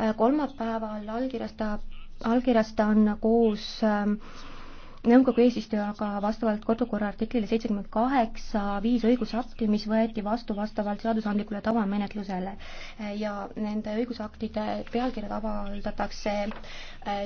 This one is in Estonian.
Äh, kolmapäeval allkirjastab, allkirjastan koos ähm, nõukogu eesistujaga vastavalt kodukorra artiklile seitsekümmend kaheksa viis õigusakti, mis võeti vastu vastavalt seadusandlikule tavamenetlusele äh, ja nende õigusaktide pealkirjad avaldatakse äh,